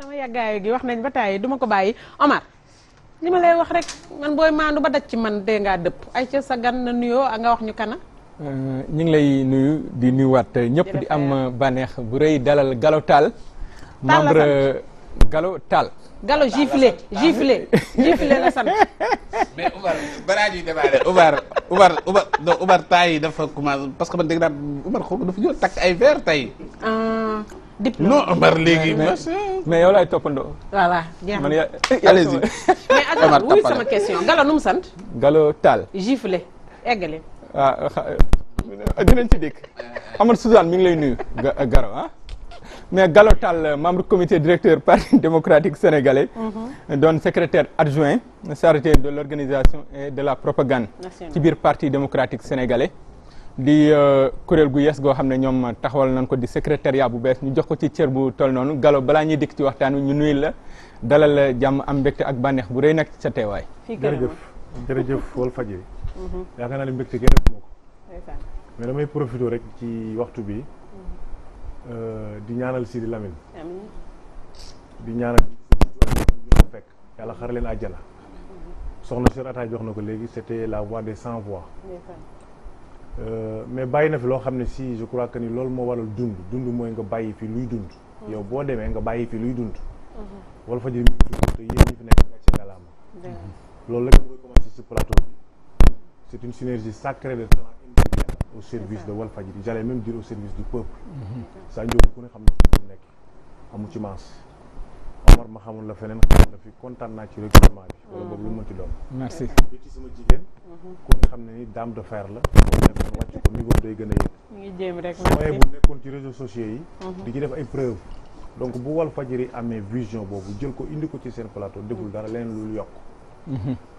sama yàggaayu gi wax nañ ba tàyyi duma ko bàyyi Omar li ma lay wax rek man booy maandu ba daj ci man dee ngaa dëpp ay ca sa gan na nuyoo a nga wax ñu kana euh, ñu ngi lay nuyu di nuyuwaat ñëpp di am bànneex bu rëy dalal Gallo Tall membre Gallo Tall. Gallo giflé giflé giflé la sant. mais Umar balaa dafa commencé parce que man dégg naa Umar xaw dafa ñëw takk ay verre tay euh, diplôme non Umar léegi. mais yow man allez-y mais attends wuy question Gallo nu sant. Gallo Tall. giflé eggale. ah dinañ ci dégg. Amar Suzanne lay nuyu. Garo ah? mais galo Tall membre comité directeur parti démocratique sénégalais. Mhm. doon secrétaire adjoint chargé de l'organisation et de la propagande. ci biir parti démocratique sénégalais. di euh, kuréel gu yes goo xam ne ñoom taxawal nañ ko di secrétariat bu bees ñu jox ko ci cër bu toll noonu galo bala ñuy dikk ci waxtaan wi ñu nuyu la dalal jàmm am mbégte ak bànneex bu rëy nag ci sa teewaay. jërëjëf jërëjëf Walfadjri. Mhm. yaakaar naa ne mbégte kenn mais damay profité rek ci waxtu bi. Euh, di ñaanal Sidi Lamine amiin di ñaanal fekk yàlla xar leen àjjana soxna Sër Ataay jox na ko léegi c'était la voix des sans voix euh, mais bàyyi na fi loo xam ne si je que ni loolu moo waral dund dund mooy nga bàyyi fi luy dund mm-hmm. yow boo demee nga bàyyi fi luy dund mm-hmm. wala fa jël te yéen fi nekk gàcce ngalaama loolu la ñu koy commencé ci plateau c'est une synergie sacrée de talent service de Walfadjri j'allais même dire au service du peuple saa mhm. njóobu ku ne xam nekk amu ci maas Omar ma xamul la feneen xamul la kontaan naa ci recrutement bi wala boobu lu mënti doon merci ci sama jigéen mhm. ku nga xam ne ni de fer la boo nekkoon wàcc ko nekkoon ci réseaux sociaux yi mhm. di ci def ay preuve donc bu Walfadjri amee vision boobu jël ko indi ko ci seen plateau deful dara leneen lu yokk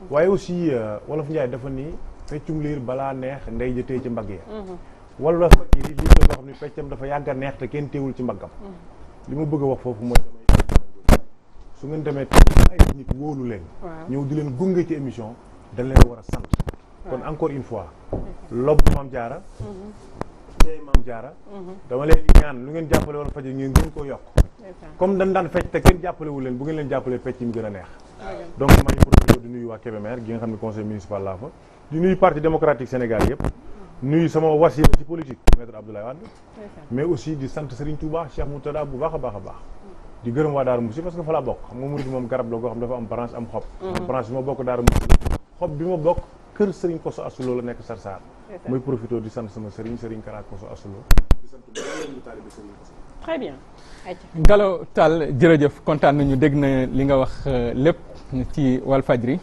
waaye aussi euh, wolof Njaay dafa nii peccum liir balaa neex ndey jëtee ci mbagg ya mhm. wala fakir yi liir la boo xam ne peccam dafa yàgg a neex te kenn teewul ci mbaggam mhm. li ma bëgg a wax foofu mooy su ngeen demee ay nit wóolu leen ñëw di leen gunge ci émission dañ leen war a sant kon encore une fois lob maam jaara tey mhm. maam jaara dama leen ñaan lu ngeen jàppale wala faj ngeen gën koo yokk comme dañ daan fecc te kenn jàppalewu leen bu ngeen leen jàppalee fecc yi mu gën a neex donc maa ngi profité di nuyu waa Kébémer gi nga xam ne conseil municipal laa fa di nuyu parti démocratique Sénégal yëpp nuyu sama wasila ci politique maître Abdoulaye mais aussi di sant Serigne Touba Cheikh Moutada bu baax a baax a baax di gërëm waa Daaru Musi parce que fa laa bokk xam nga murid moom garab la goo xam dafa am branche am xob mhm. branche bi ma bokk Daaru Musi xob bi ma bokk kër Serigne Koso Asulo la nekk Sarsar muy profité di sant sama Serigne Serigne Kara Koso Asulo très bien Gallo Tall jërëjëf kontaan nañu dégg na li nga wax euh, lépp ci Walfajri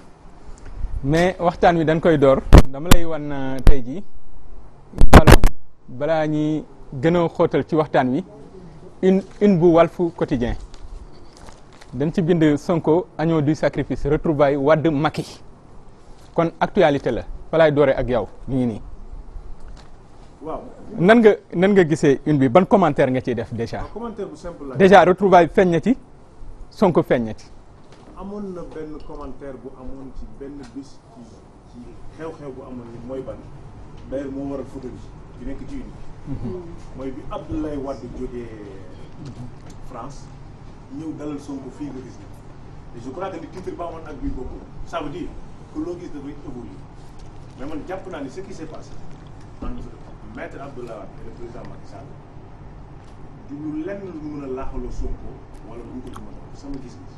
mais waxtaan wi dañ koy door dama lay wan euh, tey jii Diallo balaa ñuy gën a xóotal ci waxtaan wi une une bu Walfu Quotidien dañ ci bind Sonko agneau du sacrifice retrouvaille Wade Macky kon actualité la falaay doore ak yow ñu ngi nii. waaw nan nga nan nga gisee une bi ban commentaire nga ciy def déjà. commentaire bu simple la déjà retrouvaille feeñ na ci Sonko feeñ na ci. amoon na benn commentaire bu amoon ci benn bis ci ci xew-xew bu amoon ni mooy ban d'ailleurs moo waral photo bi di nekk ci uni mhm. mooy bi Abdoulaye Wade jógee France ñëw dalal Sonko fii nga gis ne et je crois loo gis dafay évoluer man jàpp naa ni ce qui s'est passé man maître Abdoulaye Wade et le président lenn lu mën a laaxaloo Sonko wala lu mu ko mën a sama gis-gis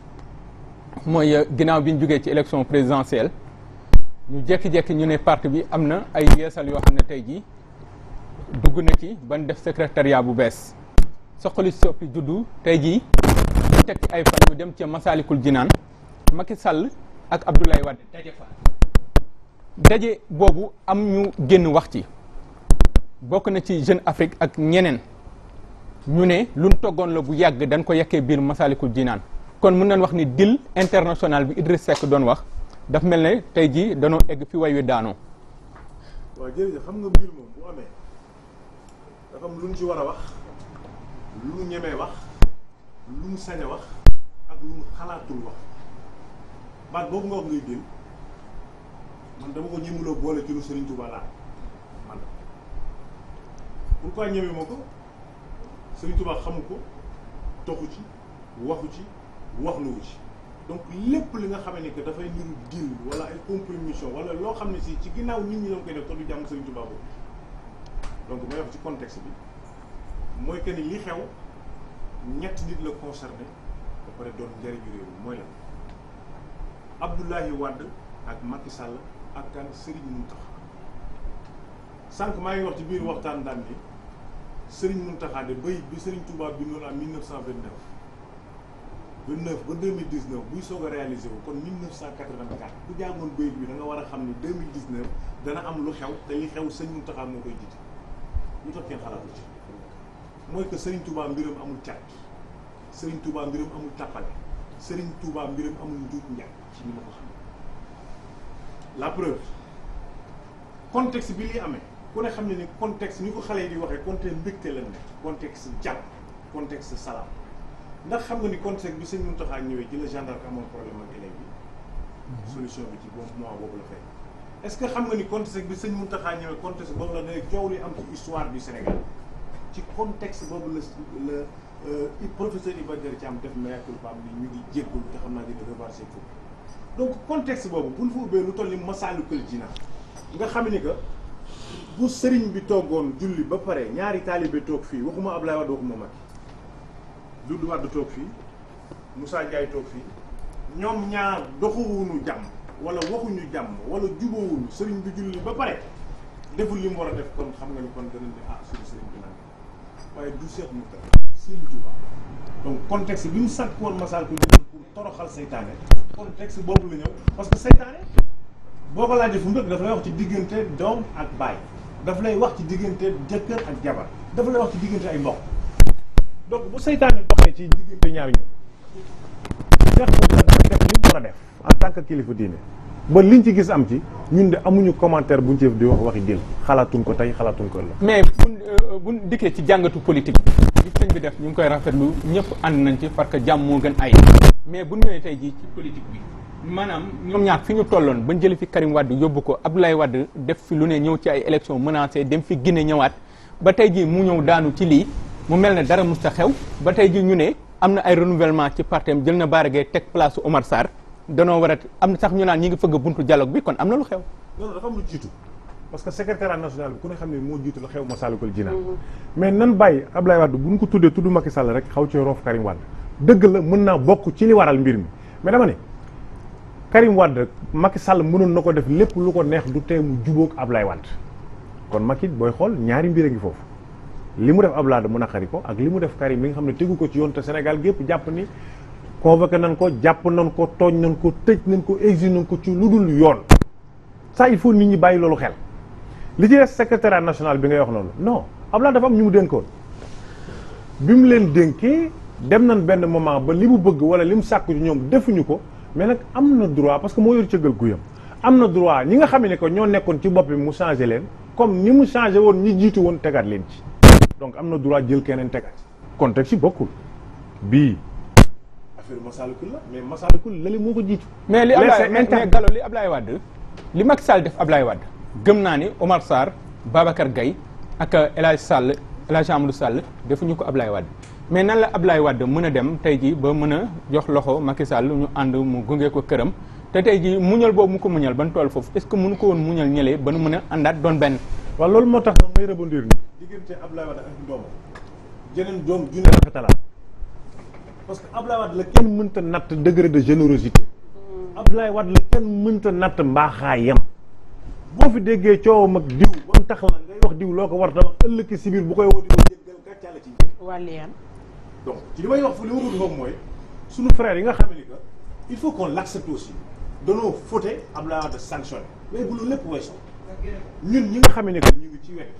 mooy euh, ginaaw bi ñu jógee ci élection présidentielle ñu jékki-jékki ñu ne parti bi am na ay yeesal yoo xam ne tey jii dugg na ci ban def secrétariat bu bees soxali soppi juddu tey jii ñu teg ay fan ñu dem ca Masaalikul naan Macky sàll ak Abdoulaye Wade daje boobu am ñu génn wax ci bokk na ci Jeune Afrique ak ñeneen ñu ne luñ toggoon la bu yàgg dañ ko yekkee biir Masaalikul Jinaan kon mën nañ wax ni deal international bi Idriss Seck doon wax dafa mel ne tey jii danoo egg fi way wi daanoo. waaw jërëjëf xam nga mbir moom bu amee dafa am lu ci war a wax lu wax lu ñu wax ak lu ñu xalaatul wax baat boobu nga wax ngay deal man dama ko ñemuloo boole ci lu Serigne Touba laa man pourquoi ñeme ma ko Serigne xamu ko toxu ci waxu ci. wax lu ci donc lépp li nga xam ne dafay niru diil wala ay compromission wala loo xam ne si ci ginnaaw nit ñi lañ koy def te du jàmm Sëriñ Tuubaa boobu donc may wax ci contexte bi mooy que ni li xew ñett nit la concerné ba doon njëriñu réew mi mooy lan Abdoulaye Wade ak Macky Sall ak kan Serigne Mountakha sànq maa ngi wax ci biir waxtaan daan ni Serigne Mountakha de béy bi Serigne Touba bi noonu am 1929. lu neuf ba deux mille dix neuf buy soog a réalisé wu kon mille neuf cent quatre vingt quatre ku jàngoon béy bi da nga war a xam ni deux mille dix neuf dana am lu xew te li xew sëñ Mountakha moo koy jiite lu tax kenn xalaatu ci mooy que Serigne Touba mbiram amul cat Serigne Touba mbiram amul tàppale Serigne Touba mbiram amul njuut njaat ci ni ma ko xam la preuve contexte bi liy amee ku ne xam ne ni contexte ni ko xale yi di waxee contexte mbégte lañ ne contexte jàmm contexte salaam. ndax xam nga ni contexte bi sëñ Mountakha ñëwee ji la gendarme amoon problème ak élève bi mhm. solution bi ci boobu mois boobu la fay est-ce que xam nga ni contexte bi sëñ Mountakha ñëwee contexte boobu la ne coow li am ci histoire du Sénégal ci contexte boobu la la euh, professeur Iba Der Thiam def miracle ba am ni ñu ngi jéggul te xam naa dina reversé foofu donc contexte boobu bu ñu fa ubbee lu toll ni Masaalikul Jinaan nga xam ni que bu sëriñ bi toggoon julli ba pare ñaari taalibe toog fii waxuma Ablaye Wade waxuma Macky Doudou Wade toog fii Moussa Ndiaye toog fii ñoom ñaar doxuwuñu jàmm wala waxuñu jàmm wala jubóowuñu sëriñ bi julli ba pare deful li mu war a def kon xam nga ni kon danañ di ah suñu sëriñ bi naan waaye du Cheikh Mouta sëriñ Touba donc contexte bi mu sàkk woon Massalikul Jinaan pour toroxal seytaane contexte boobu la ñëw parce que seytaane booba ko laajee fu mu dëkk daf lay wax ci diggante doom ak baay daf lay wax ci diggante jëkkër ak jabar daf lay wax ci diggante ay mbokk donc bu seytaane doxee ci diggante ñaar ñu Cheikh def li mu a def que kilifa diine ba liñ ci gis am ci ñun de amuñu commentaire buñ ci di wax waxi diin xalaatuñ ko tey xalaatuñ ko la mais buñ euh, buñ dikkee ci jàngatu politique bi li sëñ bi def ñu ngi koy rafetlu ñëpp ànd nañ ci parce que jàmm moo gën ay mais bu ñëwee tey jii ci politique bi maanaam ñoom ñaar fi ñu tolloon ba jëli fi Karim Wade yóbbu ko ab Abdoulaye Wade def fi lu ne ñëw ci ay élection menacé dem fi gine ñëwaat ba tey jii mu ñëw daanu ci lii mu mel ne dara musta xew ba tey ji ñu ne am na ay renouvellement ci partem jël na Bara Gaye teg place Omar saar danoo war am na sax ñu naan ñi ngi fëgg buntu dialogue bi kon am na lu xew. non dafa am parce que secrétaire national bi ku ne xam ne moo jiitu la xew Massalikul Jinaan mais nan bàyyi Ablaye Wade bu ñu ko tuddee tudd Macky Sall rek xaw ci roof Karim Wade dëgg la mën naa bokk ci li waral mbir mi mais dama ne Karim Wade rek Macky Sall mënul na ko def lépp lu ko neex du tee mu ab lay Wade kon Macky booy xool ñaari mbir a foofu. li mu def Abdoulaye mu naqari ko ak li mu def Karim mi nga xam ne tegu ko ci yoon te Sénégal gépp jàpp ni convoqué nañ ko jàpp nañ ko tooñ nañ ko tëj nañ ko exil nañ ko ci lu dul yoon ça il faut nit ñi bàyyi loolu xel li ci des national bi ngay wax noonu non Abdoulaye dafa am ñu mu dénkoon bi mu leen dénkee dem nan benn moment ba li mu bëgg wala li mu sàkku ci ñoom defuñu ko mais nag am na droit parce que moo yor cëggal guyam am na droit ñi nga xam ne que ñoo nekkoon ci bopp bi mu changé leen comme ni mu changé woon ñi jiitu woon tegaat leen ci donc am na droit jël keneen tegaat contexte yi bokkul bii affaire Massalikul la mais Massalikul lële mais li Ablaye mais Gallo li Ablaye Wade li Macky Sall def Ablaye Wade gëm naa ni Omar Sarr Babacar Gaye ak El Hadj Sall El Hadj Amadou Sall defuñu ko Ablaye Wade mais nan la ab Ablaye Wade mën a dem tey jii ba mën a jox loxo Macky Sall ñu ànd mu gunge ko këram te tey jii muñal boobu mu ko muñal ban tool foofu est mu que ko woon muñal ñëlee ba nu mën a àndaat doon benn waa loolu moo tax nag may rebondir ni diggante Abdoulaye Wade ak doom jeneen doom junne rafetalaat parce que Abdoulaye Wade la kenn mënta natt degré de générosité mm. Abdoulaye Wade la kenn mënta natt mbaaxaayam boo fi déggee coowam mag diw ba tax la ngay wax diw loo ko war ta wax ëllëg si biir bu koy woo di ko jéggal gàccaale ci li may wax fu li warul moom mooy suñu frère yi nga xam ne que il faut qu'on l'accepte aussi danoo fauté Abdoulaye Wade sanctionné mais bu loolu ñun ñi nga xam ne ñu ngi ci wet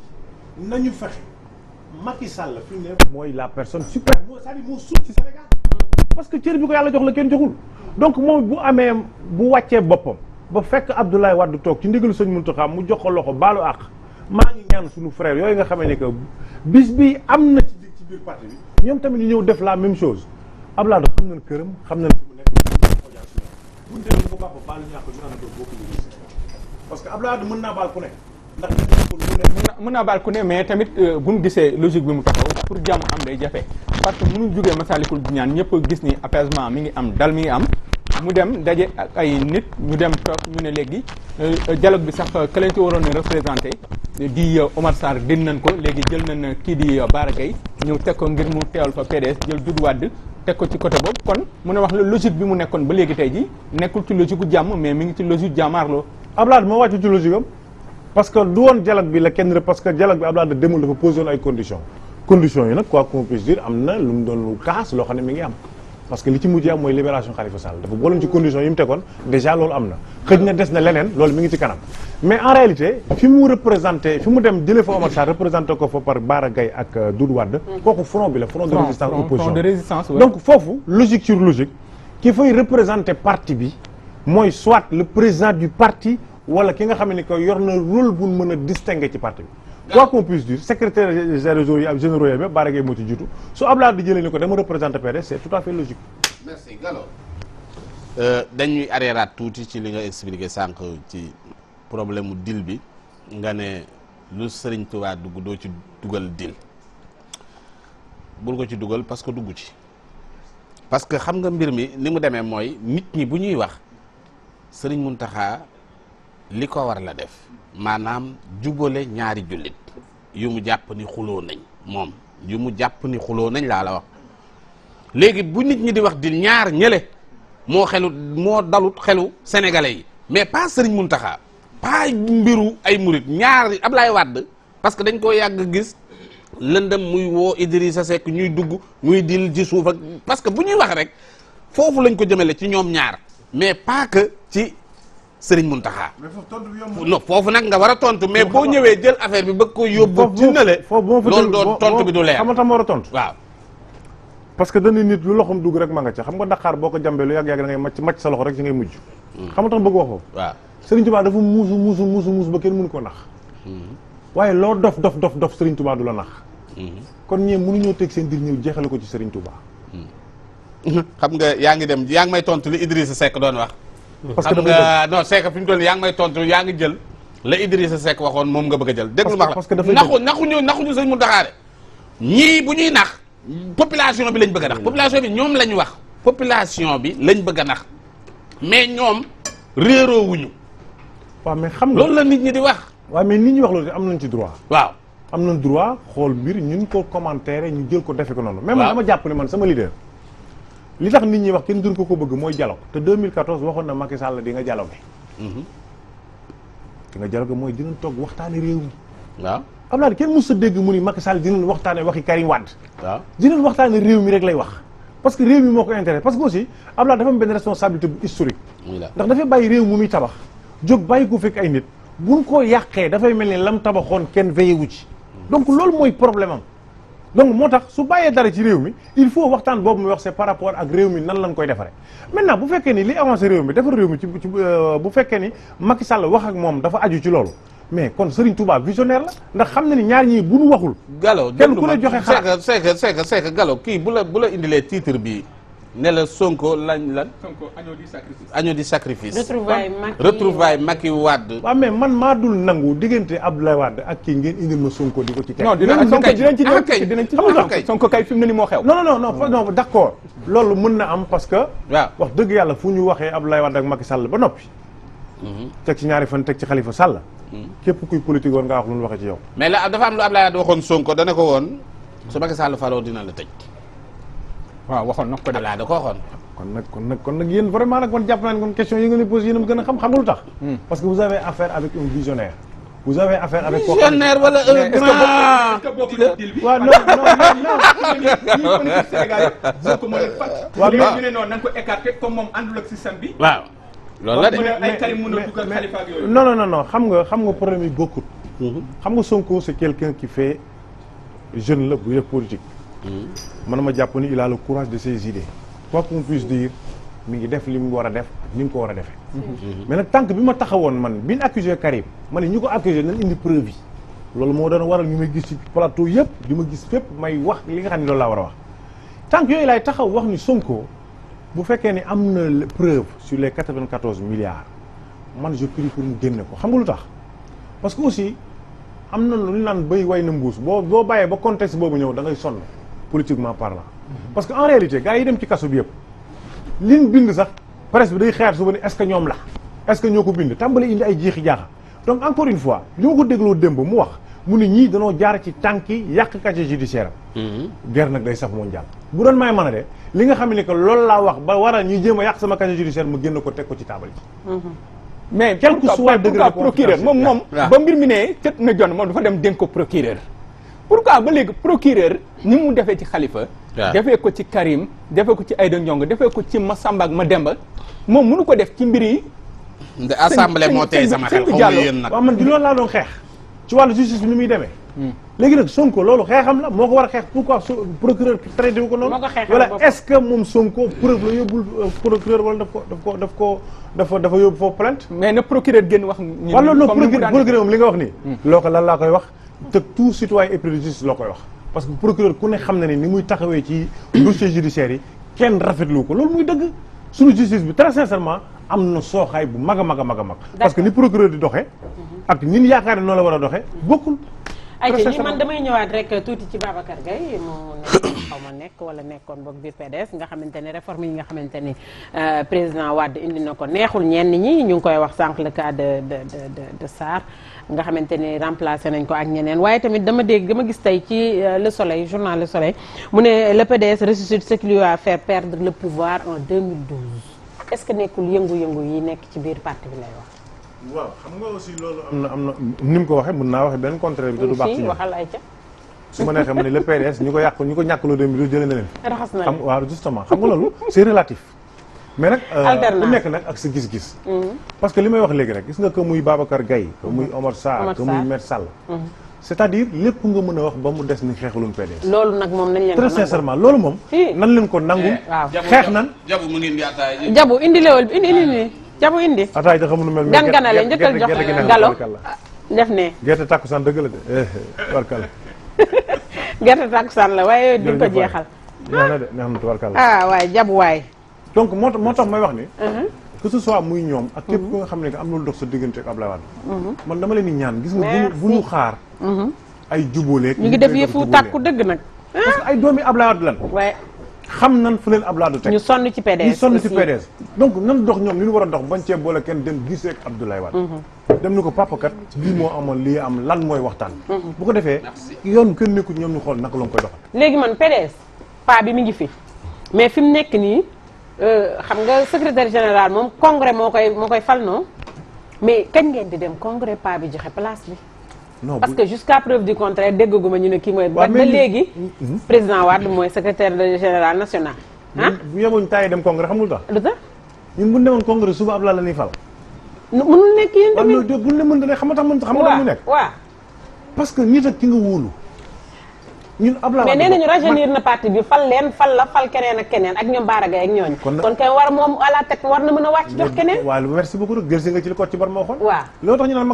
nañu fexe Macky Sall fi mu mooy la personne super moo cest à parce que cër bi ko yàlla jox la kenn joxul donc moom bu amee bu wàccee boppam ba fekk Abdoulaye Wade toog ci ndigalu sëñ Mountakha mu jox ko loxo baalu àq maa ngi ñaan suñu frère yooyu nga xamee ne que bis bi am na ci ci bi ñoom tamit ñu ñëw def la même chose ab xam nañ këram xam nañ fi mu nekk buñ demee ko parce que Abdoulaye Wade mën naa baal mën naa baal ku ne mais tamit euh, bu ñu gisee logique bi mu taxaw pour jàmm am day jafe parce que mu mënu jógee Massalikul Jinaan ñëpp gis ni apaisement mi ngi am dal mi ngi am mu dem daje ak ay nit ñu dem toog ñu ne léegi euh, dialogue bi sax euh, kële ci waroon a représenté di Omar Sarr din nañ ko léegi jël nañ kii di Bara Gaye ñëw teg ko ngir mu teewal fa PDS jël Doudou Wade teg ko ci côté boobu kon mun a wax la logique bi mu nekkoon ba léegi tey ji nekkul ci logique jàmm mais mi ngi ci logique jàmmaarloo Ablaye moo wàcc ci logique parce que du woon dialogue bi la kenn parce que dialogue bi Ablaye demul dafa posé woon ay conditions. conditions yi nag quoi qu'on puisse am na lu mu doon lu loo xam ne mi ngi am parce que li ci mujj am mooy libération Khalifa Sall dafa boloon ci conditions yi mu tegoon déjà loolu am na. xëj na des na leneen loolu mi ngi ci kanam mais en réalité fi mu représenté fi mu dem jëlee fa Omar Sarr représenté ko fa par Bara Gaye ak euh, Doudou Wade. Mm. kooku bi la front de résistance foofu logique sur logique ki représenté parti bi. mooy soit le président du parti wala ki nga xam ne que yor na rôle bu mën a distinguer ci parti bi. quoi qu'on puisse dire secrétaire généraux yi ak généraux yi même Bara Gaye moo ci di jëlee ni ko dama représenté PDS c'est tout à fait logique. merci euh, dañuy areeraat tuuti ci li nga expliqué sànq ci problème mu dil bi nga ne lu Sëriñ Tuubaa dugg doo ci dugal dil bul ko ci dugal parce que dugg ci parce que xam nga mbir mi ni mu demee mooy nit ñi bu ñuy wax sëriñ Muntaxa li ko war la def maanaam jubale ñaari jullit yu mu jàpp ni xuloo nañ moom yu mu jàpp ni xuloo nañ laa la wax léegi bu nit ñi di wax di ñaar ñële moo xelut moo dalut xelu sénégalais yi mais pas sëriñ Muntaxa pas mbiru ay murit ñaar Ablaye Wade parce que dañ koo yàgg gis lëndëm muy woo Idrissa Seck ñuy dugg muy dil ci suuf ak parce que bu ñuy wax rek foofu lañ ko jëmale ci ñoom ñaar mais pas que ci sëriñ Muntaxa. mais foofu tontu bi non foofu nag nga war a tontu mais boo ñëwee jël affaire bi bëgg ko yóbbu. foofu foofu dina loolu doon tontu bi du leer. xam nga a tontu waaw. parce que dañuy nit lu loxoom dugg rek ma nga ca xam nga boo ko jàmbee lu yàgg yàgg da ngay màcc màcc sa loxo rek si ngay mujj. Hmm. xam nga tam bëgg ba kenn ko nax. Hmm. waaye loo dof dof dof dof sëriñ Tuubaa du la nax. Hmm. kon ñee mënuñoo teg seen dir ñëw jeexale ko ci sëriñ Tuubaa. xam nga yaa ngi dem yaa ngi may tontu li Idrissa Seck doon wax parce que dafay non c'est que fi mu toll yaa ngi may tontu yaa ngi jël la Idrissa Seck waxoon moom nga bëgg a jël déglu ma la naxu naxuñu naxuñu ñii bu ñuy nax population bi lañ bëgg a nax mm. population bi ñoom lañ wax population bi lañ bëgg nax mais ñoom réeroowuñu waaw mais xam nga loolu la nit ñi di wax waaw mais nit ñi wax am nañ ci droit waaw am nañ droit xool mbir ñun ko commentaire ñu jël ko defe ko noonu même man dama jàpp ne man sama leader li tax nit ñi wax kenn dur ko ko bëgg mooy dialogue te 2014 waxoon na Macky Sall di nga dialogue mhm. di nga dialogue mooy dinañ toog waxtaane réew mi waaw am naa ne kenn mos sa dégg mu ni Macky Sall dinañ waxtaane waxi Karim Wade waaw dinañ waxtaane réew mi rek lay wax parce que réew mi moo ko intérêt parce que aussi am naa dafa am benn responsabilité bu historique ndax dafay bàyyi réew mu muy tabax jóg bàyyi ko fekk ay nit buñ ko yàqee dafay mel ni lam tabaxoon kenn veyewu ci mm. donc loolu mooy problème donc moo tax su bàyyee dara ci réew mi il faut waxtaan boobu muy wax se par rapport ak réew mi nan lañ koy defaree maintenant bu fekkee ni li avancé réew mi defar réew mi ci euh, bu fekkee ni Macky Sall wax ak moom dafa aju ci loolu mais kon Serigne Touba visionnaire la ndax xam na ni ñaar ñii bu nu waxul. Gallo kenn ku la joxe xalaat c'est que c'est que kii bu la bu la indilee titre bii ne la Sonko lañ lan. Sonko agneau du sacrifice. agneau du sacrifice. retrouvaille Macky retrouvaille Macky Wade. waaw mais man maa dul nangu diggante Abdoulaye Wade ak kii ngeen indil ma Sonko di ko ci teg. non ah, kay dinañ ah, Sonko kay fi mu ne nii moo xew. non non non non d' loolu mën na am parce que. waaw wax dëgg yàlla fu ñu waxee Abdoulaye Wade ak Macky Sall ba noppi. Mhm. teg ci ñaari fan teg ci Khalifa Sall. Mhm. képp kuy politique woon nga wax lu mu waxee ci yow. mais la dafa am lu Abdoulaye Wade waxoon Sonko dana ko woon su Macky Sall dina la tëj waaw waxoon na ko def voilà da ko waxoon. kon nag kon nag kon nag yéen vraiment nag kon jàpp naa ne kon question yi nga ñu posé yéen a gën a xam xamul tax. Hmm. parce que vous avez affaire avec un visionnaire. vous avez affaire avec kooku visionnaire wala un grand. est-ce que bokk na deal bi. waaw non non non. ñu ngi Sénégal yëpp ko mën a fàtt. waaw ñu ne noonu nañ ko écarté comme moom àndul ak système bi. waaw loolu la de. ay Karim mën a dugg ak Khalifa ak yooyu. non non non xam nga xam nga problème yi bokkut. Mhm. xam nga Sonko c'est quelqu'un qui fait jeune la bu def politique. man ma jàpp ni il a le courage de ses idées quoi qu'on mi ngi def li mu war a def ni mu ko war a defee mhm. mais nag tànk bi ma taxawoon man bi ñu accusé Karim ma ne ñu ko accusé nañ indi preuve yi loolu moo doon waral ñu may gis ci plateau yëpp di ma gis fépp may wax li nga xam ne loolu laa war a wax tànk yooyu laay taxaw wax ni Sonko bu fekkee ni am na preuve sur les 94 milliards man je prie pour mu génne ko xam nga lu tax parce que aussi am na lu ñu naan way na mbuus boo boo bàyyee ba contexte boobu ñëw da ngay sonn politiquement parlant. parce que en réalité gars yi dem ci kaso bi yëpp liñ bind sax presse bi day xaar suba ne est ñoom la est que ñoo ko bind tàmbali indi ay jeexi jaaxa donc encore une fois li ma ko dégloo démb mu wax mu ne ñii danoo jaar ci tànki yàq casier judiciaire am. Mhm. guerre nag day saf mondial. bu doon may mën a de li nga xam ne que loolu laa wax ba waral ñuy jéem a yàq sama casier judiciaire ma génn ko teg ko ci taabal ji. Mhm. mais quel que soit degré de procureur moom ah. pour am ba léegi procureur ni mu defee ci xalifa ah. defee ko ci Karim defee ko ci Aïda Ndiongue defee ko ci ma Massamba ma Mademba moom mënu ko def ci mbir yi de assemblée moo tey sama xel xaw ma nag waaw man di loolu laa doon xeex ci wàllu justice bi ni muy demee hmm. léegi nag Sonko loolu xeexam la moo ko war a xeex pourquoi procureur traité wu ko noonu wala est-ce que moom Sonko preuve la yóbbul euh, procureur wala daf ko daf ko daf ko dafa dafa yóbbu foofu plainte mais na procureur génn wax wala loolu procureur li nga wax nii hmm. loo ko lan laa koy wax te tout citoyen et préjudice la koy wax parce que procureur ku ne xam ne ni muy taxawee ci dossier judiciaire yi kenn rafetlu ko loolu muy dëgg suñu justice bi très sincèrement am na sooxaay bu mag a mag a mag a mag parce que ni procureur di doxee ak ni ñu yaakaar ne noonu la war a doxee bokkul ayca ñi man damay ñëwaat rek tuuti ci Babacar Gueye mu nekk xaw ma nekk wala nekkoon boog biir PDS nga xamante ne réforme yi nga xamante ni euh, président Wade indi na ko neexul ñenn ñi ñu ngi koy wax sànq le cas de de de de Sarr nga xamante ni remplacé nañ ko ak ñeneen waaye tamit dama dégg dama gis tey ci euh, Le Soleil journal Le Soleil mu ne le PDS ressuscite ce qui lui a fait perdre le pouvoir en 2012 est-ce que nekkul yëngu-yëngu yi nekk ci biir parti bi lay wax. waaw xam nga aussi loolu. am na am na ni mu ko waxee mën naa waxe benn contraire bi te du baax ci waxal ay ca su ma neexee ma ñu ko yàq ñu ko ñàkkaloo dem bi du jëlee na leen. raxas na leen waaw justement xam nga loolu c'est relatif. mais nag euh, ku nekk nag ak sa gis-gis. Mm-hmm. parce que li may wax léegi rek gis nga que muy Babacar Gaye ka muy mm-hmm. Omar Sarr que muy Maître Sall. Mm-hmm. c'est-à-dire lépp nga mën a wax ba mu des ni xeexulum PDS. loolu nag moom nañ leen ko très moom. nan leen ko eh, xeex nan jabu mu ngi jabu indi leewal bi jabu indi. ataay da xamul mel. gan ganale njëkkal jox galo def gerte takkusaan dëgg la de tubarkalla. Eh, eh, gerte takkusaan la waaye di ko jeexal. neex na de neex na tubarkalla. ah waay jabu waay. donc moo tax moo tax may wax ni. Mhm. que ce soit muy ñoom. ak képp mhm. ku nga xam ne que am na lu dox sa diggante ak Ablaye Wade. Mhm. man dama leen di ñaan gis nga bu ñu xaar. ay jubóoleeg ñu ngi def yëfu tàkku dëgg nag. parce que ay doomi Ablaye Wade lan. xam nan fu leen Abdoulaye du teg. ñu sonn ci PDS ñu sonn ci PDS. donc nan dox ñoom li ñu war a dox bañ cee boole kenn dem gisee ak Abdoulaye mhm. dem ni ko papa kat lii moo amoon lii am lan mooy waxtaan. Mhm. bu ko defee yoon kenn nekkul ñoom ñu xool naka la koy doxal. léegi man PDS pa bi mi ngi fi mais fi mu nekk nii euh, xam nga secrétaire général moom congrès moo koy moo koy fal non mais kañ ngeen di dem congrès pa bi joxe place bi. non parce que jusqu'à preuve du contraire dégguma ñu ne kii mooy. waaw ba léegi. Hmm, hmm. président Wade mooy secrétaire général national. ah bu yemuñu temps yi dem congrès xamul tax. lu tax ñun bu ñu demoon congrès la ñuy fal. mënul xam na parti bi fal leen fal la fal keneen ak keneen ak ñoom Baara Gaye ak ñooñu. kon kay war moom à la a wàcc jox keneen. waaw merci beaucoup rek dellusi nga ci li ko ci bar mag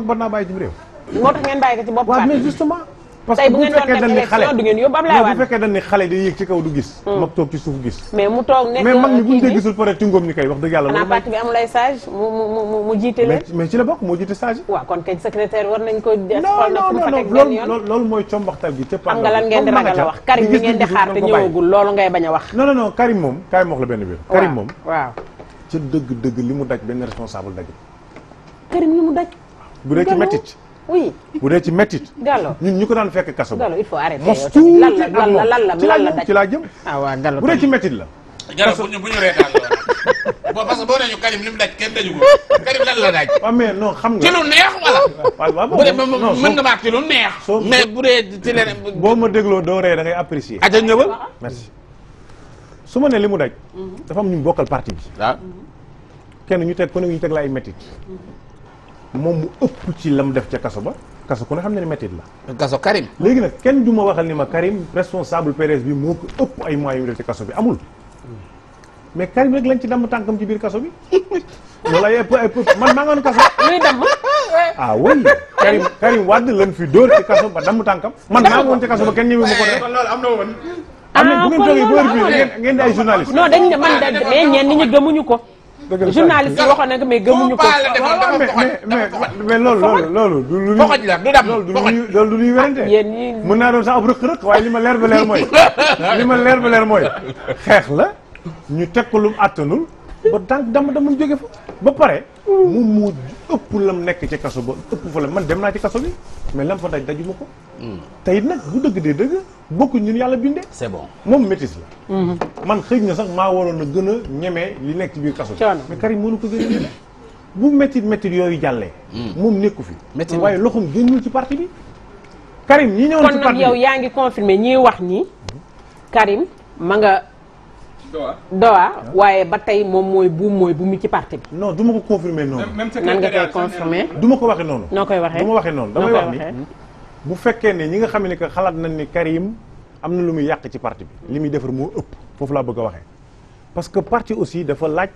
bar bàyyi ci réew moo tax ngeen bàyyi ko ci bopp parti mais justement parce que bu fekkee dañ ni xale du ngeen yóbbu Ablaye Wade bu fekkee dañ ni xale di yéeg ci kaw du gis hmm. mag toog ci suuf gis mais mu toog nekk mag ñi bu ñu mooy combaxtal gi ca di xaar te ñëwagul loolu ngay bañ a wax non non Karim moom kaay ma la benn biir Karim moom waaw ca dëgg dëgg li mu daj benn responsable daj Karim li mu daj bu dee ci métit oui bu dee ci méttit. Gallo ñun ñu ko daan fekk kaso. Gallo il faut arrêter mos tuuti ak moom ci laa jëm ah, bu dee ci méttit la. parce que bu parce que boo nee ñu Karim li mu daj kenn daju xam nga. ci lu neex wala. bu dee neex. mais bu dee ci leneen. boo ma dégloo doo ree da apprécier. aja ñëwal merci. su ma ne li mu daj. Mhm. dafa am ñu bokkal parti bi. Ah. kenn ñu teg ko ne ñu teg la ay méttit mhm. moom mu ëpp ci lam def ca kaso ba kaso ku ne xam ne ne méttit la kaso Karim léegi nag kenn du ma waxal ni ma Karim responsable PDS bi moo ko ëpp ay moyens yu mu def ci kaso bi amul mais Karim rek lañ ci damm tànkam ci biir kaso bi wala ay man maa ngoon kaso luy damm ah oui Karim Karim Wade lañ fi dóor ci kaso ba damm tànkam man maa ngoon ci kaso ba kenn ñëwee ma ko na na bu ngeen ah, toogee bër bi di ay journaliste ñi gëmuñu ko journaliste yi waxoon na ko mais gëmuñu ko. mais mais loolu loolu loolu. du lu ñuy loolu du ñuy wérante. Ah, yéen ñii mën naa doon sax ab rëq-rëq waaye li ma leer ba leer mooy. li ma leer ba leer mooy xeex la ñu teg ko lu mu àttanul ba tànk dama dama jóge fa ba pare mu mu ëpp lam nekk ci kaso ba ëpp fa la man dem naa ci kaso bi mais lam fa daj dajuma ko hmm. tey nag bu dëgg dee dëgg bokku ñun yàlla bindee c'est bon moom métis la hmm. man xëy na sax maa waroon na gën a ñemee li nekk ci biir kaso bi mais Karim mënu ko gën a ñemee bu métit métit yooyu jàllee hmm. moom nekku fi waaye loxum génnul ci parti bi Karim ñi ñëwoon ci parti bi kon nag yow yaa ngi confirmé ñiy wax ñi Karim ma dowa waaye ba tey moom mooy buum mooy bu mu ci parti bi non du ko confirmer noonu nan nga koy confirmer duma ko waxe noonu noo koy waxee du ma waxee noonu damay wax ni bu fekkee ne ñi nga xam ne que xalaat nañ ni Karim am na lu muy yàq ci parti bi li muy defar moo ëpp foofu laa bëgg a waxee parce que parti aussi dafa laaj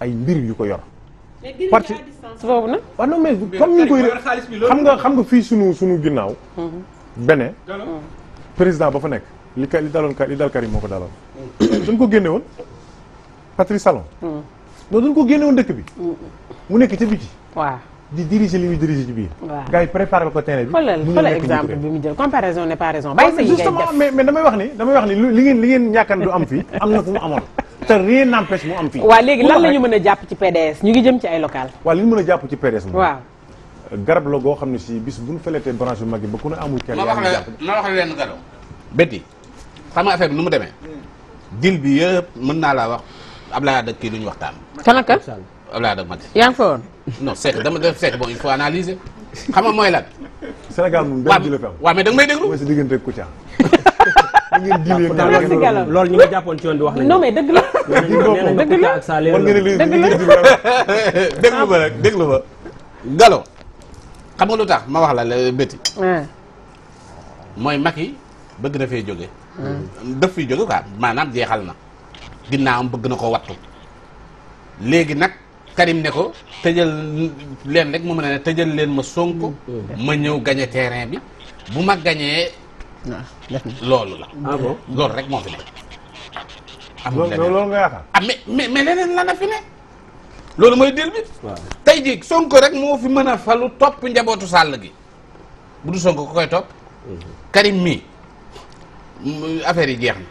ay mbir yu ko yor parti boobu nag waaw ah non mais comme ñu koy xam nga xam nga fii sunu sunu ginnaaw mhm. bene mhm. président ba fa nekk li ka li daloon ka li dal Karim ko daloon dañ ko génne woon Patrice Talon mm. non ko génne woon dëkk bi mm. mu nekk ca biti waaw di diriger li muy diriger ci biir gars yi préparé ko terrain bi xoolal exemple bi mu jël comparaison n'est pas raison bàyyi sa yi ngay def wax ni damay wax ni li ngeen li ngeen ñàkkan du am fii am na fu mu am fii waa léegi lan la ñu mën a jàpp ci PDS ñu ngi jëm ci ay local waaw li ñu mën a jàpp ci PDS moom waaw garab la goo xam ne si bis bu ñu feletee branche bu mag yi ba ku ne amul kenn yaa ngi jàpp ma wax la lenn garo bétti xam nga affaire bi nu mu demee dil bi yëpp mën naa laa wax Ablaye Adda kii lu waxtaan. kan ak kan Ablaye Adda yaa ngi fa woon. non dama def Seck bon il faut analyser xam nga mooy lan. Sénégal moom benn dil la fa waaw mais da nga may déglu. mooy sa diggante ak loolu ñu nga jàppoon ci yoon di wax nañu. non mais dëgg la. dëgg la déglu ma rek déglu ma. Gallo xam nga lu tax ma wax la la bëtti. mooy Macky bëgg na fee jóge daf fiy jóge quoi maanaam jeexal na ginnaawam bëgg na ko wattu léegi nag Karim ne ko tëjal leen rek mu mën a ne tëjal leen ma Sonko mm. ma ñëw gañe terrain bi bu ma gañee ah, loolu la ah loolu rek moo fi nekk amul leneen loolu nga yaakaar ah mais mais mais leneen la na fi ne loolu mooy dil tey jii sonk rek moo fi mën a falu topp njabootu sàll gi bu du Sonko ko koy topp mm-hmm. Karim mii affaire yi jeex na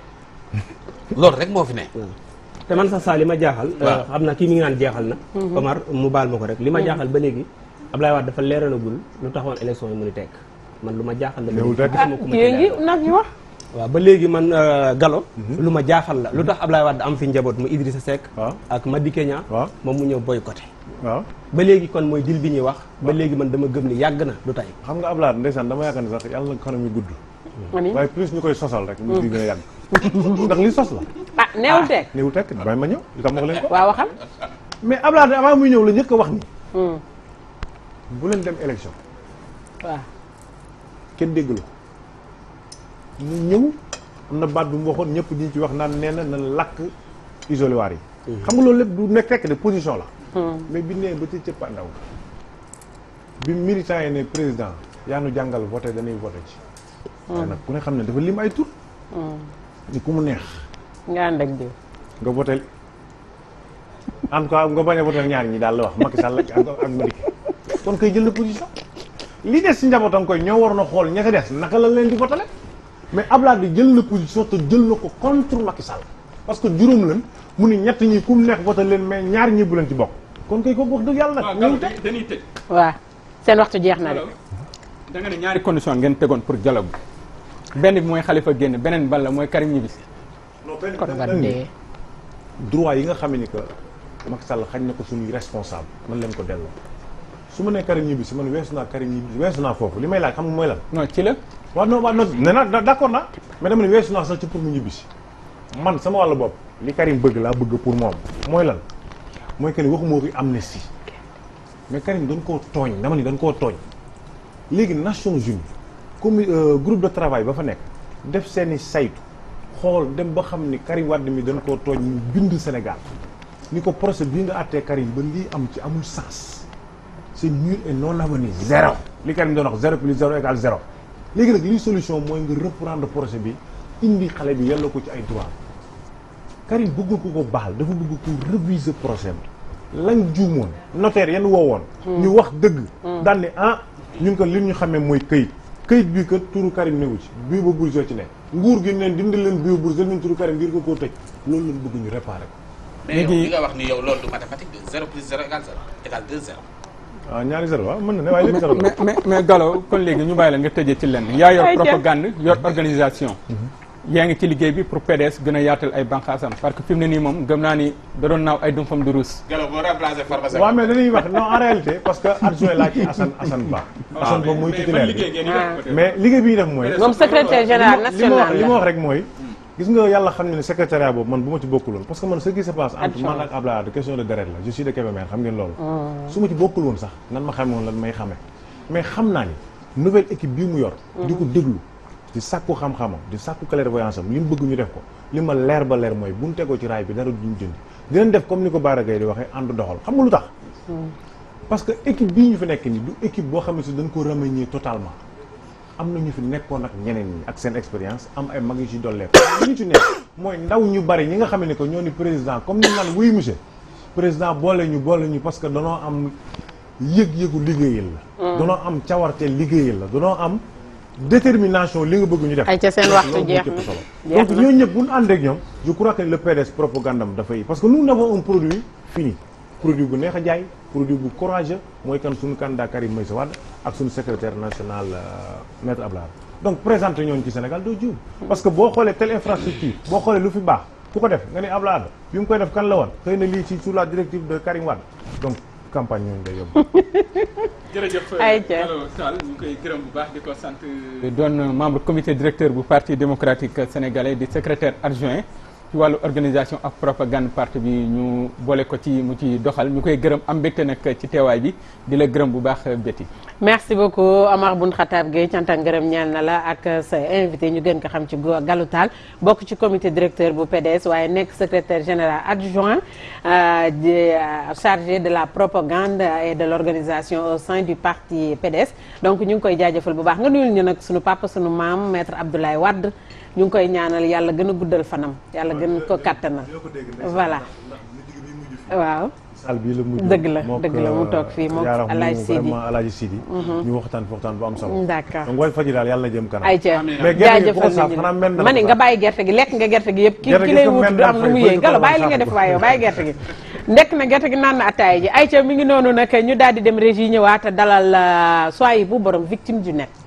loolu rek moo fi ne. te man sax saa li ma jaaxal. Euh, xam naa kii mi ngi naan jeexal na. Mhm. Omar mu baal ma ko rek li ma mhm. jaaxal ba léegi Abdoulaye Wade dafa leeralagul lu taxoon élection yi mu ni tekk man lu ma jaaxal la. léegi nag ah, yéen nag ñu wax. waaw ba léegi man euh, Gallo mhm. lu ma jaaxal la lu tax Ablaye Wade am fi njaboot mu Idrissa Seck ak Madické Niang moom mu ñëw boycotté waaw ba léegi kon mooy dil bi ñuy wax ba léegi man dama gëm ni yàgg na du tey xam nga Ablaye ndeysaan dama yaakaar ne sax yàlla na kanam yi gudd ma ni waaye plus ñu koy sosal rek. mu ngi gën a yàgg. ndax li sos la. ah néewul tekk ah, néewul tekk bàyyi ma ñëw li tam ma ko leen ko. waaw waxal. mais Abdoulaye avant muy ñëw la njëkk a wax ni. Mm. bu leen dem élection. waaw. kenn dégg la mu ñëw am na baat bu mu waxoon ñëpp di ci wax naan nee na na lakk isoloir yi. Mm-hmm. xam nga loolu lépp du nekk fekk de position la. Mm. mais bi nee ba ci cëppaandaw bi militant yi ne président yaa nu jàngal voté dañuy voté ci. waaye nag ku ne xam ne dafa lim ay tur. Hmm. ni ku mu neex. nga ànd ak diw. nga votel en tout cas nga bañ a votel ñaar ñi daal la wax Macky Sall ak ak Madické koy jël na position li des si njabootam koy ñoo waroon a xool ña ca des naka la leen di votale mais Abdoulaye di jël na position jël na ko contre Macky Sall parce que juróom lan mu ni ñett ñi ku mu neex votal leen mais ñaar ñi bu leen ci bokk kon koy ko wax dëgg yàlla nag. waaw ah, dañuy tëj waaw seen waxtu jeex na de. da ñaari condition ngeen tegoon pour dialogue benn bi mooy xalifa génn beneen ban la mooy Karim ñibbisi kon nga dee droit yi nga xam ni que Macky Sall xañ na ko suñuy responsable man lañ ko delloo su ma nee Karim ñibis man weesu naa Karim ñibis weesu naa foofu li may laaj xam nga mooy lan. non ci la. waaw non waaw non nee d' accord naa mais weesu naa sax ci pour man sama wàllu bopp li Karim bëgg laa bëgg pour moom mooy lan mooy que ni waxuma ko amnistie mais Karim dañ koo tooñ dama ni dañ koo tooñ léegi Nations Unies. commu euh, groupe de travail ba fa nekk def seeni saytu xool dem ba xam ni kari Wade mi dañ koo tooñ mu bind Sénégal ni ko procès bii nga àttee Karim ba lii am ci amul sens c'est nul et non avenu zéro li Karim doon wax zéro plus zéro égale zéro léegi nag lii solution mooy nga reprendre procès bi indi xale bi yàlla ko ci ay droit Karim bëgg ko ko baal dafa bëgg ko réviser procès bi lañ juumoon notaire yan woowoon hmm. ñu wax dëgg hmm. daan ne ah ñun ko li ñu xamee mooy këyit këyit bii kat turu Karim newu ci bii ba Bourdieu ci ne nguur gi neen dindi leen bii ba Bourdieu leen turu Karim ngir ko koo tëj loolu lañ bëgg ñu réparé ko. léegi mais yow li nga wax ni yow loolu du mathématique de ah, mën na ne waaye léegi zéro mais mais mais kon léegi ñu bàyyi la nga tëjee ci lenn yaa yor propagande yor organisation. Mhm. yaa ngi ci liggéey bi pour PDS gën a yaatal ay banqaasam parce que fi ne nii moom gëm naa ni da doon naaw ay dumfam du ruus. Gallo boo wax non en parce que adjoint laa ci Assane Assane Ba. Ah, Assane boobu mooy titulaire bi mais liggéey bi ñu mooy. moom secrétaire général national la li ma wax rek mooy. Hmm. gis nga yàlla xam ne ne boobu man bu ma ci bokkul woon parce que man ce qui se passe entre man ak Abdoulaye Wade de deret la de Kébémer xam ngeen loolu hmm. su ma ci bokkul woon sax nan ma xamee woon lan may di sàkku xam-xamam di sàkku clairvoyance am li mu bëgg ñu def ko li ma leer ba leer mooy bu ñu tegoo ci raay bi dara duñ jënd dinañ def comme ni ko Baara Gaye di waxee ànd doxal xam nga lu tax. Hmm. parce que bii ñu fi nekk nii du équipe boo xam ne si dañ ko remanier totalement am na ñu fi nekkoon ak ñeneen ñi ak seen expérience am ay mag yu ci dollee li ñu ci nekk mooy ndaw ñu bari ñi nga xam ne que ñoo ni président comme ni naan wuy monsieur président boole ñu boole ñu parce que danoo am yëg-yëgu liggéeyal la. Hmm. danoo am cawarte liggéeyal la danoo am. détermination li nga bëgg ñu def. ay ca seen waxtu jeex na donc ñooñu ñëpp bu ñu ànd ak ñoom. je crois que le PDS propagandam dafay parce que nous n'avons un produit fini produit bu neex a jaay produit bu courageux mooy kan suñu candidat Karim Meïssa Wade ak suñu secrétaire national euh, maître Ablaye donc présenté ñooñu ci Sénégal doo jiw. parce que boo xoolee telle infrastructure boo xoolee lu fi baax ku ko def nga ne Ablaye bi mu koy def kan la woon xëy na lii ci sous la directive de Karim Wade donc. campagne yooyu nga yóbbu. jërëjëf euh, allo Sall ñu ngi baax di ko sant. doon membre comité directeur bu parti démocratique sénégalais di secrétaire adjoint. wallu organisation ak propagande parti bi ñu boole ko ci mu ci doxal ñu koy gërëm am mbégte nag ci teewaay bi di la gërëm bu baax Betty. merci beaucoup Amar Bun Xataab Gueye cant ak gërëm ñeel na la ak sa invité ñu gën ko xam ci Galu Tall bokk ci commité directeur bu PDS waaye nekk secrétaire général adjoint euh, euh, chargé de la propagande et de l'organisation au sein du parti PDS donc ñu ngi koy jaajëfal bu baax nga nuyul ñu nag sunu papa sunu maam maître Abdoulaye Wade. ñu ngi koy ñaanal yàlla gën a guddal fanam yàlla gën ko kàttanal voilà waaw saal bii la mujj dëgg la dëgg la mu toog fii moom Alaaji Sidi vraiment Alaaji Sidi mhm. ñu waxtaan fi am solo d'accord donc faji daal yàlla na jëm kanam ay ca mais ko saaf xanaa men ma ne nga bàyyi gerte gi lekk nga gerte gi yëpp ki ki lay wut du am lu mu yëy galo bàyyi li nga def waaye bàyyi gerte gi ndekk na gerte gi naan na attaaya ji ay ca mi ngi noonu nag ñu daal di dem régie ñëwaat dalal euh, soyi bu borom victime du net